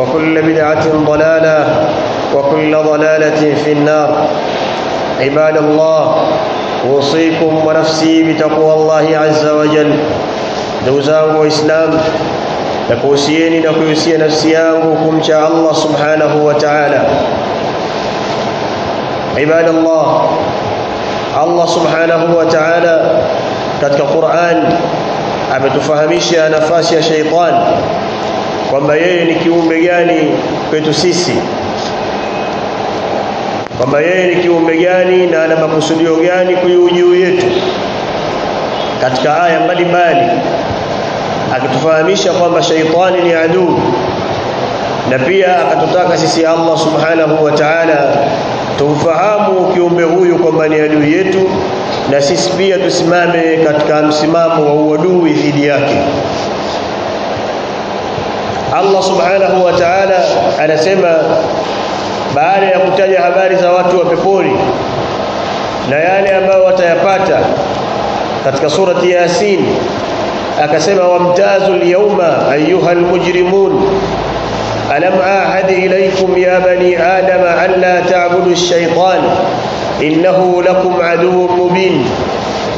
وكل بدعة ضلالة وكل ضلالة في النار عباد الله أوصيكم ونفسي بتقوى الله عز وجل دوزان وإسلام نكوسيني نكوسي نفسي أنكم الله سبحانه وتعالى عباد الله الله سبحانه وتعالى katika Qur'an يا نفاس يا شيطان kwamba yeye ni kiumbe gani kwetu sisi kwamba yeye ni kiumbe gani na ana makusudio gani juu yetu katika aya mbalimbali akitufahamisha kwamba shaitani ni adui na pia akatutaka sisi Allah subhanahu wa ta'ala tumfahamu kiumbe huyu kwamba ni adui yetu na sisi pia tusimame katika msimamo wa uadui dhidi yake Allah subhanahu wa ta'ala anasema baada ya kutaja habari za watu wa peponi na yale ambayo watayapata katika surati Yasin akasema wamtazul yawma ayyuhal mujrimun alam ahad ilaykum ya bani adama an la ta'budu ash-shaytan innahu lakum aduwwun mubin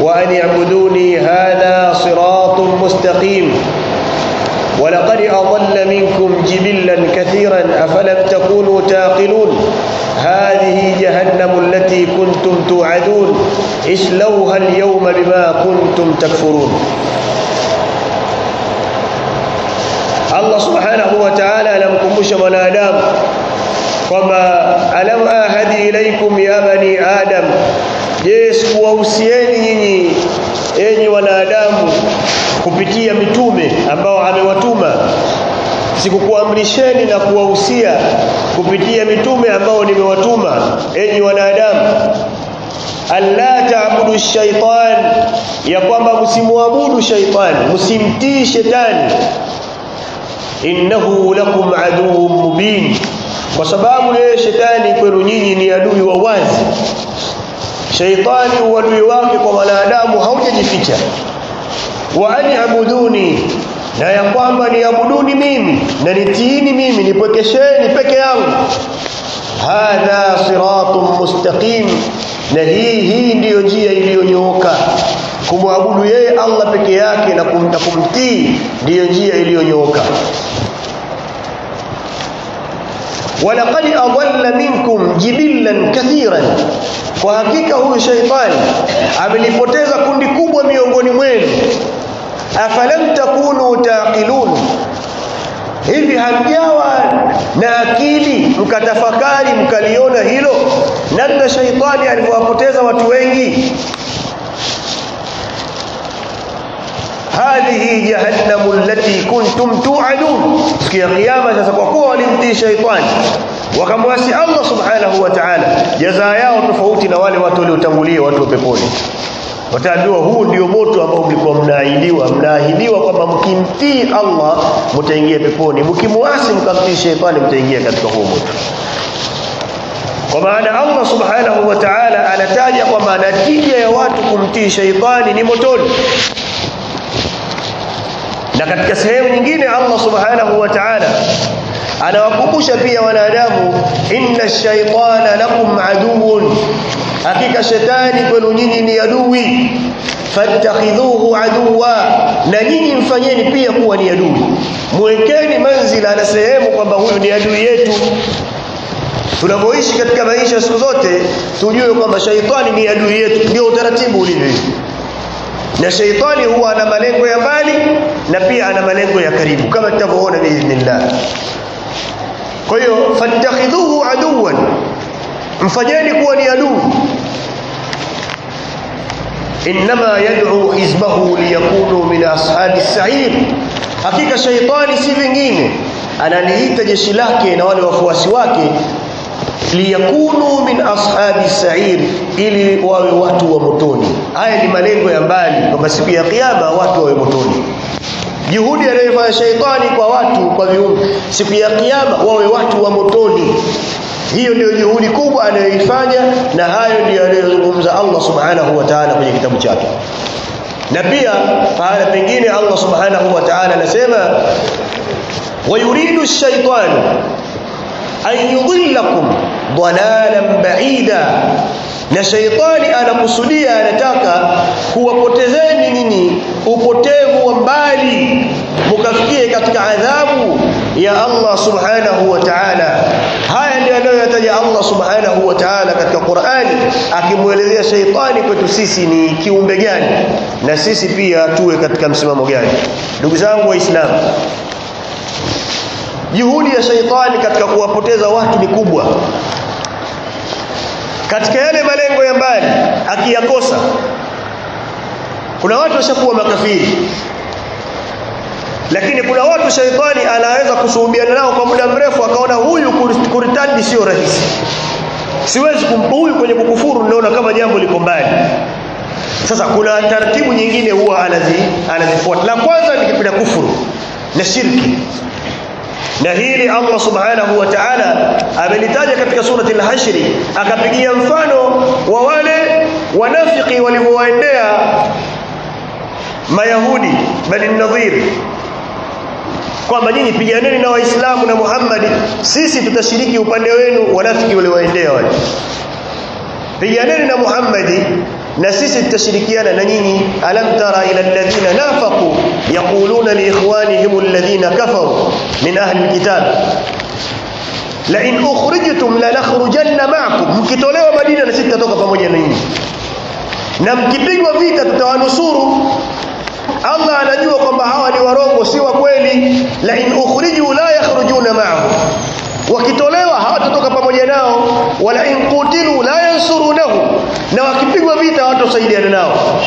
wa an ya'buduni hadha siratun mustaqim ولقد أضل منكم جبلا كثيرا أفلم تكونوا تاقلون هذه جهنم التي كنتم توعدون اسلوها اليوم بما كنتم تكفرون الله سبحانه وتعالى لم كمش من آدم وما ألم أهد إليكم يا بني آدم جيس كوهو سيني إني ونادام kupitia mitume ambao amewatuma sikukuamrisheni na kuwahusia kupitia mitume ambao nimewatuma enyi wanadamu alla taabudu shaitan ya kwamba msimwabudu shaitan msimtii shetani innahu lakum aduwwun mubin kwa sababu yeye shetani kwenu nyinyi ni adui wa wazi shaitani uadui wake kwa wanadamu haujajificha wa an abuduni na ya kwamba niabuduni mimi na nitiini mimi nipwekesheni peke yangu hadha siratun mustaqim na hii hii ndiyo njia iliyonyooka kumwabudu yeye Allah peke yake na kumta kumtii ndiyo njia iliyonyooka walaqad adalla minkum jibillan kathiran kwa hakika huyu shaitani amelipoteza kundi kubwa miongoni mwenu afalam takunu taqilun, hivi hamjawa na akili mkatafakari mkaliona hilo namna shaitani alivyowapoteza watu wengi? hadhihi jahannamu allati kuntum tu'adun, siku ya kiyama. Sasa kwa kuwa walimtii shaitani wakamwasi Allah subhanahu wa ta'ala, jazaa yao tofauti na wale watu waliotangulia, watu wa peponi wataambiwa huu ndio moto ambao mlikuwa mnaahidiwa mnaahidiwa kwamba mkimtii Allah mtaingia peponi mkimwasi mkamtii sheitani mtaingia katika huo moto kwa maana Allah subhanahu wa ta'ala anataja kwamba natija ya watu kumtii sheitani ni motoni na katika sehemu nyingine Allah subhanahu wa ta'ala anawakumbusha pia wanadamu inna shaitana lakum aduun hakika shetani kwenu nyinyi ni adui fattakhidhuhu aduwa na nyinyi mfanyeni pia kuwa ni adui mwekeni manzila na sehemu kwamba huyu ni adui yetu tunapoishi katika maisha siku zote tujue kwamba shaitani ni adui yetu ndio utaratibu ulivyo na shaitani huwa ana malengo ya mbali na pia ana malengo ya karibu kama tutavyoona biidhnillah kwa hiyo fattakhidhuhu aduwan mfanyeni kuwa ni adui innama yad'u hizbahu liyakunu min ashabi sa'ir, hakika shaitani si vingine analiita jeshi lake na wale wafuasi wake liyakunu min ashabi sair, ili wawe watu wa motoni. Haya ni malengo ya mbali, kwamba siku ya Kiyama watu wawe motoni. juhudi anayofanya shaitani kwa watu kwa viumbe siku ya kiyama wawe watu wa motoni hiyo ndio juhudi kubwa anayoifanya na hayo ndio anayozungumza Allah subhanahu wa ta'ala kwenye kitabu chake na pia pahala pengine Allah subhanahu wa ta'ala anasema wayuridu ash-shaytanu an yudhillakum dalalan ba'ida na shaitani anakusudia anataka kuwapotezeni nini upotevu wa mbali mukafikie katika adhabu ya Allah subhanahu wa ta'ala haya ndio anayoyataja Allah subhanahu wa ta'ala katika Qur'ani akimwelezea shaitani kwetu sisi ni kiumbe gani na sisi pia tuwe katika msimamo gani ndugu zangu waislamu juhudi ya shaitani katika kuwapoteza watu ni kubwa katika yale malengo ya mbali akiyakosa kuna watu washakuwa makafiri lakini kuna watu shaitani anaweza kusuhubiana nao kwa muda mrefu akaona huyu kuritani sio rahisi siwezi kumpa huyu kwenye kukufuru naona kama jambo liko mbali sasa kuna taratibu nyingine huwa anazifuata la kwanza ni kufuru na shirki na hili Allah subhanahu wa ta'ala amelitaja katika surati al-Hashri akapigia mfano wa wale wanafiki walioendea mayahudi bali nadhir kwamba nyinyi piganeni na waislamu na Muhammad sisi tutashiriki upande wenu wanafiki walioendea wale piganeni na Muhammad na sisi tutashirikiana na nyinyi alam tara ila alladhina nafaqu يقولون لإخوانهم الذين كفروا من أهل الكتاب لئن أخرجتم لنخرجن معكم mkitolewa Madina na sisi pamoja na nyinyi na mkipigwa vita tutawanusuru Allah anajua kwamba hawa ni warongo si wa kweli la in ukhriju la yakhrujuna ma'ahu wakitolewa hawatotoka pamoja nao wala in qutilu la yansurunahu na wakipigwa vita hawatosaidiana nao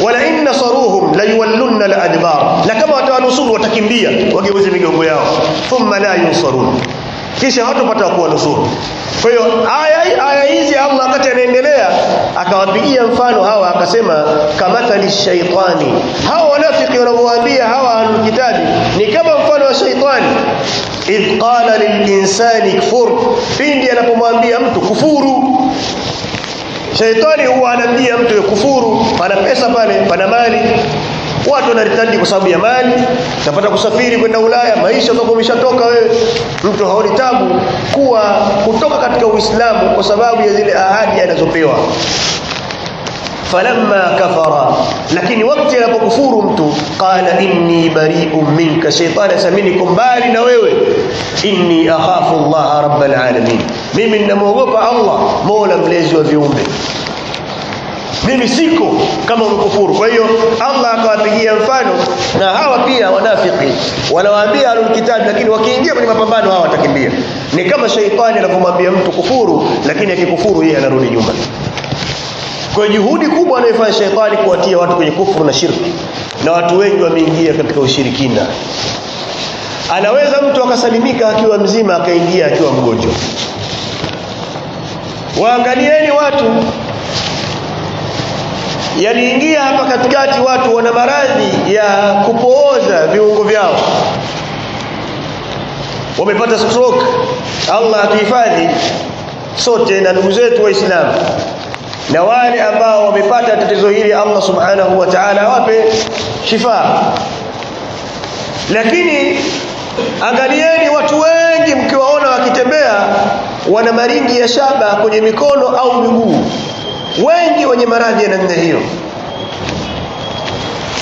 wala in nasaruhum la yuwallunna al adbar, na kama watawanusuru watakimbia wageuze migongo yao, thumma la yunsarun, kisha watu pata hawatapata nusuru Kwa hiyo aya aya hizi Allah wakati anaendelea akawapigia mfano hawa, akasema kamathali shaitani, hawa wanafiki wanamwambia hawa ahlulkitabi ni kama mfano wa shaitani idh qala lilinsani kfur, pindi anapomwambia mtu kufuru Shaitani huwa anamjia mtu ya kufuru, pana pesa pale, pana mali, watu wanaritadi kwa sababu ya mali, tapata kusafiri kwenda Ulaya, maisha yako yameshatoka wewe, mtu haoni tabu kuwa kutoka katika Uislamu kwa sababu ya zile ahadi anazopewa. falamma kafara, lakini wakati anapokufuru mtu, قال اني بريء منك شيطان asema niko mbali na wewe, inni akhafu Allah rabbal alamin, mimi ninamwogopa Allah mola mlezi wa viumbe mimi siko kama umekufuru. Kwa hiyo Allah akawapigia mfano na hawa pia wanafiki, wanawaambia ahlul lakini wakiingia kwenye mapambano hawa watakimbia. Ni kama shaytani anavyomwambia mtu kufuru, lakini akikufuru yeye anarudi nyumbani Kwa juhudi kubwa anayofanya shaitani kuwatia watu kwenye kufuru na shirki, na watu wengi wameingia katika ushirikina. Anaweza mtu akasalimika akiwa mzima akaingia akiwa mgonjwa. Waangalieni watu, yaliingia hapa katikati, watu wana maradhi ya kupooza viungo vyao, wamepata stroke. Allah atuhifadhi sote na ndugu zetu Waislamu na wale ambao wamepata tatizo hili Allah subhanahu wa ta'ala awape shifa lakini angalieni watu wengi mkiwaona wakitembea wana maringi ya shaba kwenye mikono au miguu wengi wenye maradhi ya namna hiyo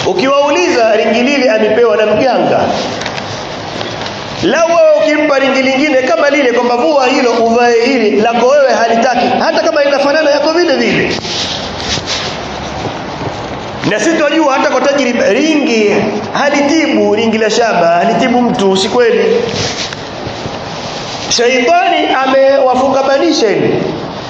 ukiwauliza ringi lile amepewa na mganga lau wewe ukimpa ringi lingine kama lile kwamba vua hilo uvae hili lako wewe halitaki hata kama inafanana yako vile vile na sisi tunajua hata kwa tajriba ringi halitibu ringi la shaba halitibu mtu si kweli sheitani amewafungabanisha hivi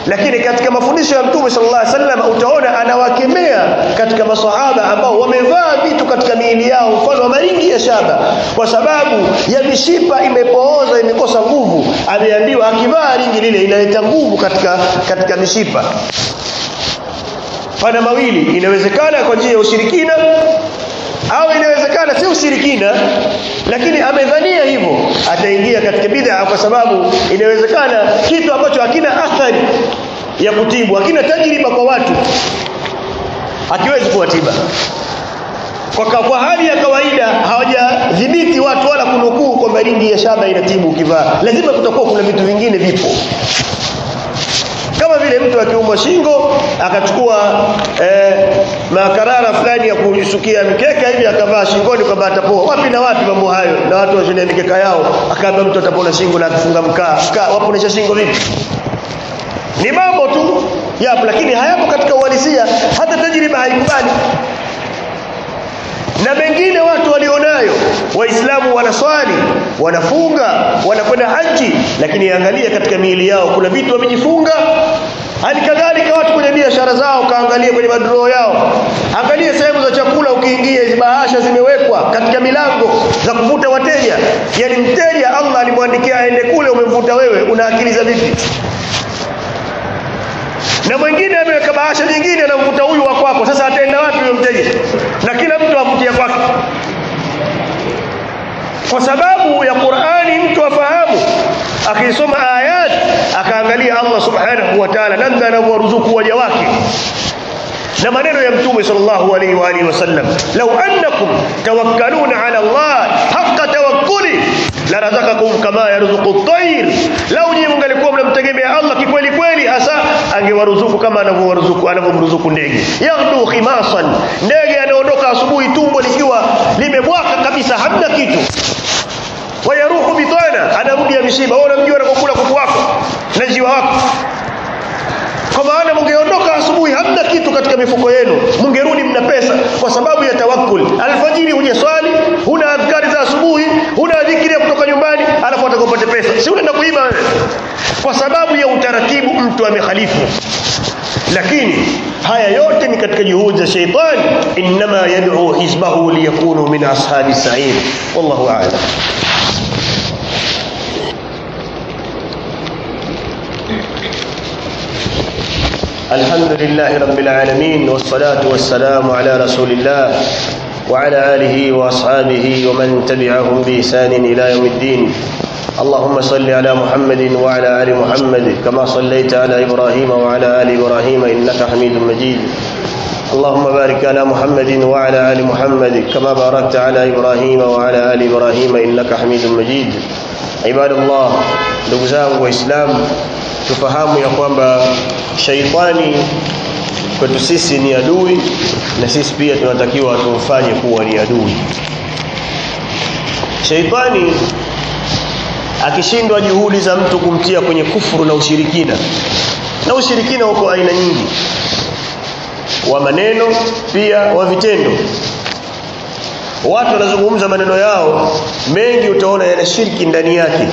lakini katika mafundisho ya mtume sallallahu alaihi wasallam utaona anawakemea katika masahaba ambao wamevaa vitu katika miili yao mfano wa maringi ya shaba kwa sababu ya mishipa imepooza imekosa nguvu ameambiwa akivaa ringi lile inaleta nguvu katika katika mishipa pana mawili inawezekana kwa njia ya ushirikina au inawezekana si ushirikina lakini amedhania hivyo ataingia katika bid'a kwa sababu inawezekana kitu ambacho hakina athari ya kutibu hakina tajriba kwa watu hakiwezi kuwatiba kwa, kwa hali ya kawaida hawajadhibiti watu wala kunukuu kwamba ringi ya shaba inatibu ukivaa lazima kutakuwa kuna vitu vingine vipo kama vile mtu akiumwa shingo akachukua eh, makarara fulani ya kujisukia mkeka hivi akavaa shingoni kwamba atapoa. Wapi na wapi mambo hayo, na watu washenia mikeka yao, akaambia mtu atapona shingo na akifunga mkaa mkaa, waponesha shingo vipi? Ni mambo tu yapo, lakini hayapo katika uhalisia, hata tajriba haikubali na mengine watu walionayo waislamu wanaswali wanafunga wanakwenda haji lakini angalia katika miili yao kuna vitu wamejifunga hadi kadhalika watu kwenye biashara zao kaangalia kwenye madro yao angalie sehemu za chakula ukiingia zibahasha zimewekwa katika milango za kuvuta wateja yani mteja Allah alimwandikia aende kule umemvuta wewe unaakiliza vipi na mwingine ameweka bahasha nyingine na mkuta huyu wa kwako sasa ataenda wapi huyo mteja na kila mtu amtia kwake kwa sababu ya Qur'ani mtu afahamu akisoma ayat akaangalia Allah subhanahu wa ta'ala namna anavyowaruzuku waja wake na maneno ya mtume sallallahu alaihi wa alihi wasallam law annakum tawakkaluna ala Allah la razaqakum kama yarzuqu at-tayr lau ungalikuwa mngalikuwa mnamtegemea Allah kikweli kweli hasa angewaruzuku kama anavyowaruzuku anavyomruzuku ndege yaqdu khimasan ndege anaondoka asubuhi tumbo likiwa limebwaka kabisa hamna kitu wayaruhu bitana anarudi ya mishiba wewe unamjua anakokula kuku wako na jiwa wako kwa maana mungeondoka asubuhi hamna kitu katika mifuko yenu mungerudi mna pesa kwa sababu ya tawakkul alfajiri unyeswali huna hapo atakopata pesa si unaenda kuiba wewe kwa sababu ya utaratibu mtu amehalifu lakini haya yote ni katika juhudi za sheitani inma yad'u hizbahu liyakunu min ashabi sa'id wallahu a'lam الحمد لله رب العالمين والصلاة والسلام على رسول الله وعلى آله وأصحابه ومن تبعهم بإحسان إلى يوم الدين اللهم صل على محمد وعلى آل محمد كما صليت على إبراهيم وعلى آل إبراهيم إنك حميد مجيد اللهم بارك على محمد وعلى آل محمد كما باركت على إبراهيم وعلى آل إبراهيم إنك حميد مجيد عباد الله ndugu واسلام waislamu يا ya kwamba shaitani kwetu sisi ni adui na sisi pia tunatakiwa tufanye kuwa ni adui shaitani akishindwa juhudi za mtu kumtia kwenye kufuru na ushirikina na ushirikina uko aina nyingi wa maneno pia wa vitendo watu wanazungumza maneno yao mengi utaona yana shirki ndani yake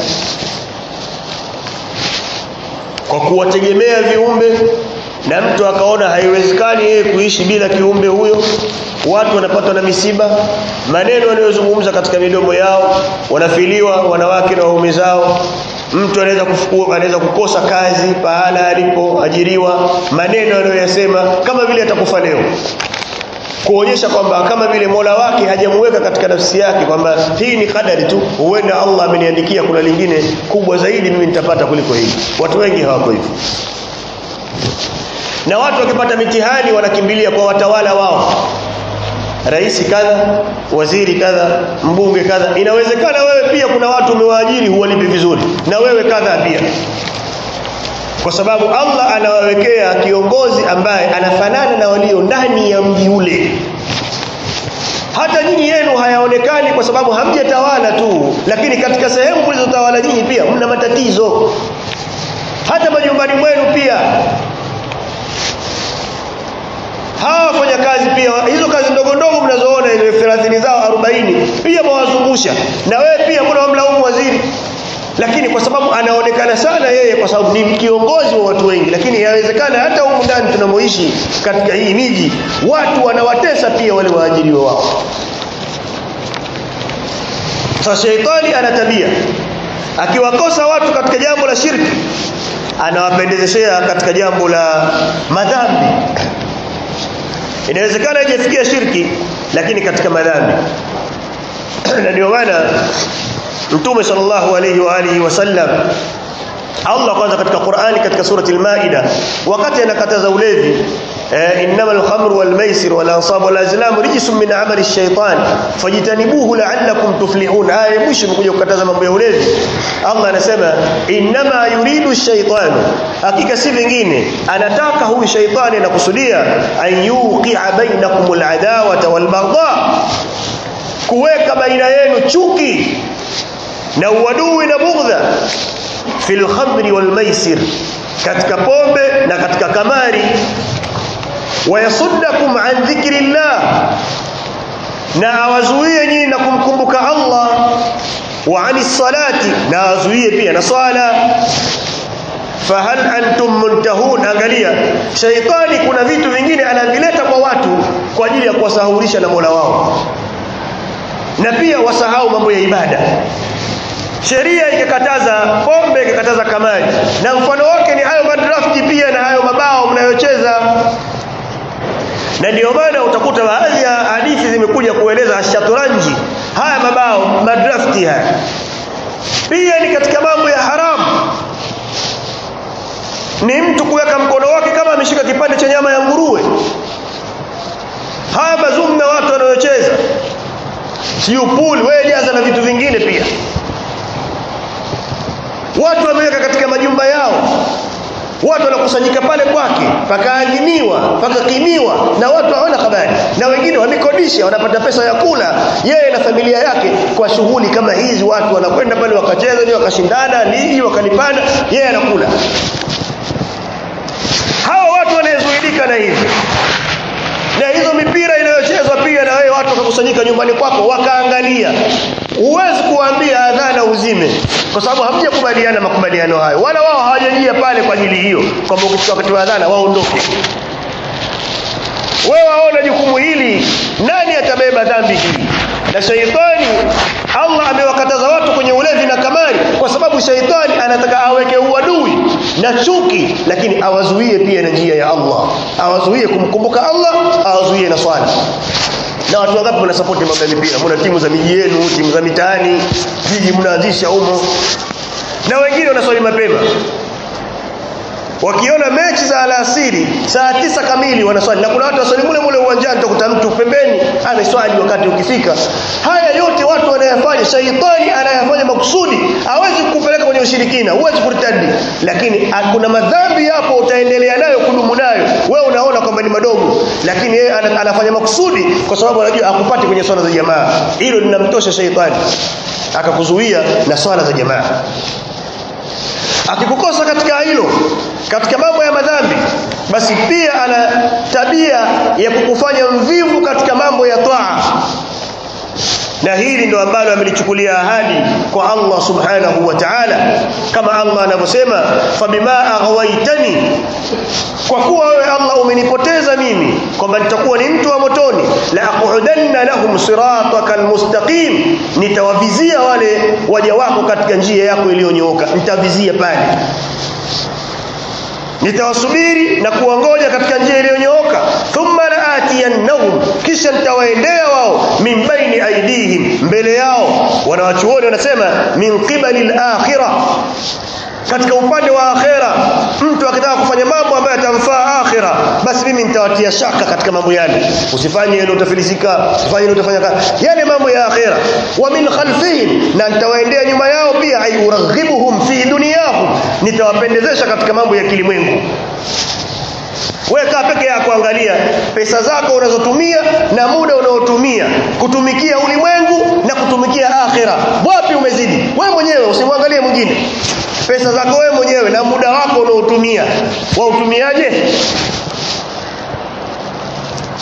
kwa kuwategemea viumbe na mtu akaona haiwezekani yeye kuishi bila kiumbe huyo watu wanapatwa na misiba maneno wanayozungumza katika midomo yao wanafiliwa wanawake na waume zao mtu anaweza kufukua anaweza kukosa kazi pahala alipoajiriwa maneno anayoyasema kama vile atakufa leo kuonyesha kwamba kama vile Mola wake hajamuweka katika nafsi yake kwamba hii ni kadari tu, huenda Allah ameniandikia kuna lingine kubwa zaidi mimi nitapata kuliko hili. Watu wengi hawako hivyo, na watu wakipata mitihani wanakimbilia kwa watawala wao rais kadha, waziri kadha, mbunge kadha. Inawezekana wewe pia kuna watu umewaajiri huwalipi vizuri, na wewe kadha pia, kwa sababu Allah anawawekea kiongozi ambaye anafanana na walio ndani ya mji ule. Hata nyinyi yenu hayaonekani kwa sababu hamjatawala tu, lakini katika sehemu mlizotawala nyinyi pia mna matatizo, hata majumbani mwenu pia hawa wafanya kazi pia hizo kazi ndogo ndogo mnazoona ile 30 zao 40 pia mwawazungusha na wewe pia mbona wamlaumu waziri lakini kwa sababu anaonekana sana yeye kwa sababu ni kiongozi wa watu wengi lakini yawezekana hata huko ndani tunamoishi katika hii miji watu wanawatesa pia wale waajiriwa wao sasa sheitani ana tabia akiwakosa watu katika jambo la shirki anawapendezeshea katika jambo la madhambi inawezekana haijafikia shirki lakini katika madhambi na ndio maana mtume sallallahu alayhi wa alihi wasallam Allah kwanza katika Qur'ani katika surati al-Maida wakati anakataza ulevi آه، إنما الخمر والميسر والأنصاب والأزلام رجس من عمل الشيطان فاجتنبوه لعلكم تفلحون آية مش مكوية وكتازة من بيولد الله نسمى إنما يريد الشيطان أكيكا أكيك سيفنجين أنا تاكه الشيطان نقصدية أن يوقع بينكم العداوة والبغضاء كويكا بين يينو تشوكي نودو نبغضة في الخمر والميسر كاتكا بومبي نكاتكا كماري wayasuddakum an dhikrillah, na awazuie nyinyi na kumkumbuka Allah, wa ani salati, na awazuie pia na swala. Fahal antum muntahun, angalia shaitani, kuna vitu vingine anavileta kwa watu kwa ajili ya kuwasahulisha na Mola wao, na pia wasahau mambo ya ibada. Sheria ikakataza pombe, ikakataza kamari, na mfano wake ni hayo na ndio maana utakuta baadhi ya hadithi zimekuja kueleza shatranji haya mabao madrafti haya pia ni katika mambo ya haramu ni mtu kuweka mkono wake kama ameshika kipande cha nyama ya nguruwe haya mazumna watu wanayocheza siyo pool wewe jaza na vitu vingine pia watu wameweka katika majumba yao watu wanakusanyika pale kwake pakaadhimiwa pakakimiwa na watu hawana habari na wengine wamekodisha wanapata pesa ya kula yeye na familia yake kwa shughuli kama hizi watu wanakwenda pale wakacheza ni wakashindana nini wakalipana yeye anakula hawa watu wanayezuidika na hivi na hizo mipira inayochezwa pia na wewe watu wakakusanyika nyumbani kwako wakaangalia huwezi kuambia adhana uzime kwa sababu hamjakubaliana makubaliano hayo wala wao hawajajia pale kwa ajili hiyo kwamba wakati wa adhana waondoke wewe waona jukumu hili nani atabeba dhambi hii na shaitani Allah amewakataza watu kwenye ulevi na kamari kwa sababu shaitani anataka aweke uadui na chuki lakini awazuie pia na njia ya Allah awazuie kumkumbuka Allah awazuie na swali na watu wangapi wanasapoti mambo ya mipira mna timu za miji yenu timu za mitaani jiji mnaanzisha humo na wengine wanaswali mapema wakiona mechi za alasiri saa tisa kamili wanaswali, na kuna watu waswali mule mule uwanjani, utakuta mtu pembeni ameswali wakati ukifika. Haya yote watu wanayafanya, shaitani anayafanya makusudi, hawezi kukupeleka kwenye ushirikina, huwezi kurtadi, lakini kuna madhambi yapo, utaendelea nayo kudumu nayo, wewe unaona kwamba ni madogo, lakini yeye anafanya makusudi, kwa sababu anajua akupati kwenye swala za jamaa. Hilo linamtosha shaitani, akakuzuia na swala za jamaa akikukosa katika hilo katika mambo ya madhambi basi pia ana tabia ya kukufanya mvivu katika mambo ya na hili ndo ambalo amelichukulia ahadi kwa Allah subhanahu wa ta'ala kama Allah anavyosema fabima aghwaitani kwa kuwa wewe Allah umenipoteza mimi kwamba nitakuwa ni mtu wa motoni la aqudanna lahum siratakal mustaqim nitawavizia wale waja wako katika njia yako iliyonyooka nitavizia pale nitawasubiri na kuwangoja katika njia iliyonyooka thumma laatiyannahum kisha nitawaendea wao min baini aidihim mbele yao wanawachuoni wanasema min qibali lakhira katika upande wa akhera mtu akitaka kufanya mambo ambayo yatamfaa akhera basi mimi nitawatia shaka katika mambo yale usifanye ile utafilisika usifanye ile utafanya yale mambo ya akhera wa min khalfihim na nitawaendea nyuma yao pia ayuraghibuhum fi dunyahum nitawapendezesha katika mambo ya kilimwengu weka peke yako angalia pesa zako unazotumia na muda unaotumia kutumikia ulimwengu na kutumikia akhera wapi umezidi wewe mwenyewe usimwangalie mwingine pesa zako wewe mwenyewe na muda wako unaotumia wautumiaje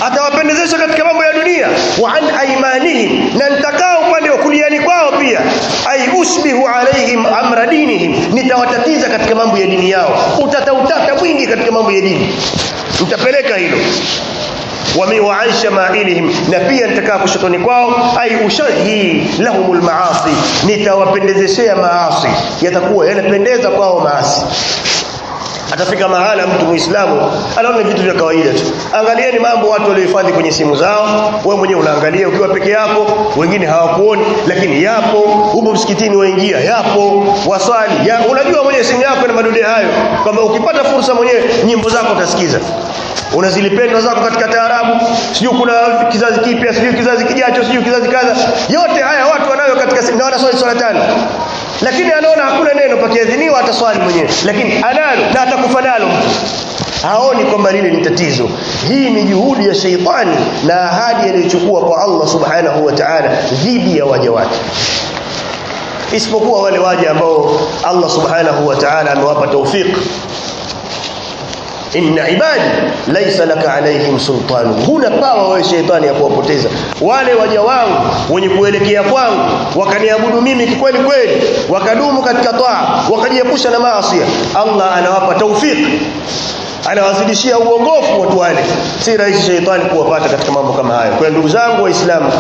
atawapendezesha katika mambo ya dunia wa an aimanihim na nitakaa upande wa kuliani kwao pia ay usbihu alaihim amra dinihim nitawatatiza katika mambo ya dini yao utatautata mwingi katika mambo ya dini utapeleka hilo wa aisha mailihim, na pia nitakaa kushotoni kwao. Ai ushahi lahumul maasi, nitawapendezeshea maasi, yatakuwa yanapendeza kwao maasi atafika mahala mtu muislamu anaona vitu vya kawaida tu angalieni mambo watu waliohifadhi kwenye simu zao wewe mwenyewe unaangalia ukiwa peke yako wengine hawakuoni lakini yapo huko msikitini waingia yapo waswali ya, unajua mwenye simu yako na madude hayo kwamba ukipata fursa mwenyewe nyimbo zako utasikiza unazilipenda zako katika taarabu sijui kuna kizazi kipya sijui kizazi kijacho sijui kizazi kadha yote haya watu wanayo katika simu na wanaswali swala tano lakini anaona hakuna neno pakiadhiniwa ataswali mwenyewe lakini analo na atakufa nalo haoni kwamba lile ni tatizo hii ni juhudi ya sheitani na ahadi aliyochukua kwa Allah subhanahu wa ta'ala dhidi ya waja wake isipokuwa wale waja ambao Allah subhanahu wa ta'ala amewapa taufiki inna ibadi laisa laka alaihim sultanu, huna pawa wewe shetani ya kuwapoteza wale waja wangu wenye kuelekea kwangu, wakaniabudu mimi kikweli kweli, wakadumu katika taa, wakajiepusha na maasi. Allah anawapa taufiki anawazidishia uongofu watu wale si rahisi sheitani kuwapata katika mambo kama hayo kwa ndugu zangu waislamu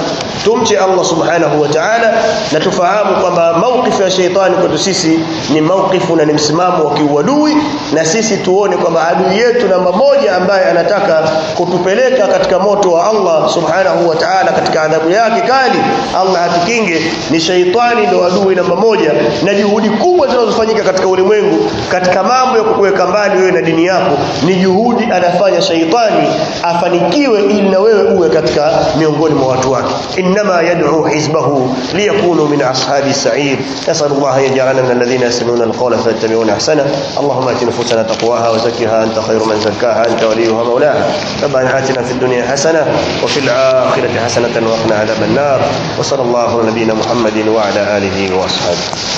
tumche Allah subhanahu wa ta'ala na tufahamu kwamba mawkifu ya sheitani kwetu sisi ni mawkifu na ni msimamo wa kiuadui na sisi tuone kwamba adui yetu namba moja ambaye anataka kutupeleka katika moto wa Allah subhanahu wa ta'ala katika adhabu yake kali Allah atukinge ni sheitani ndio adui namba moja na juhudi kubwa zinazofanyika katika ulimwengu katika mambo ya kukuweka mbali wewe na dini yako ni juhudi anafanya shaitani afanikiwe ili na wewe uwe katika miongoni mwa watu wake inma yad'u hizbahu liyakunu min ashabi sa'id nasal Allah yaj'alana min alladhina yasma'una alqawla fayattabi'una ahsana Allahumma atina nufusana taqwaha wa zakkiha anta khayru man zakkaha anta waliyuha mawlaha rabbana atina fid dunya hasana wa fil akhirati hasanatan wa qina adhaban nar wa sallallahu ala nabiyyina muhammadin wa ala alihi wa ashabihi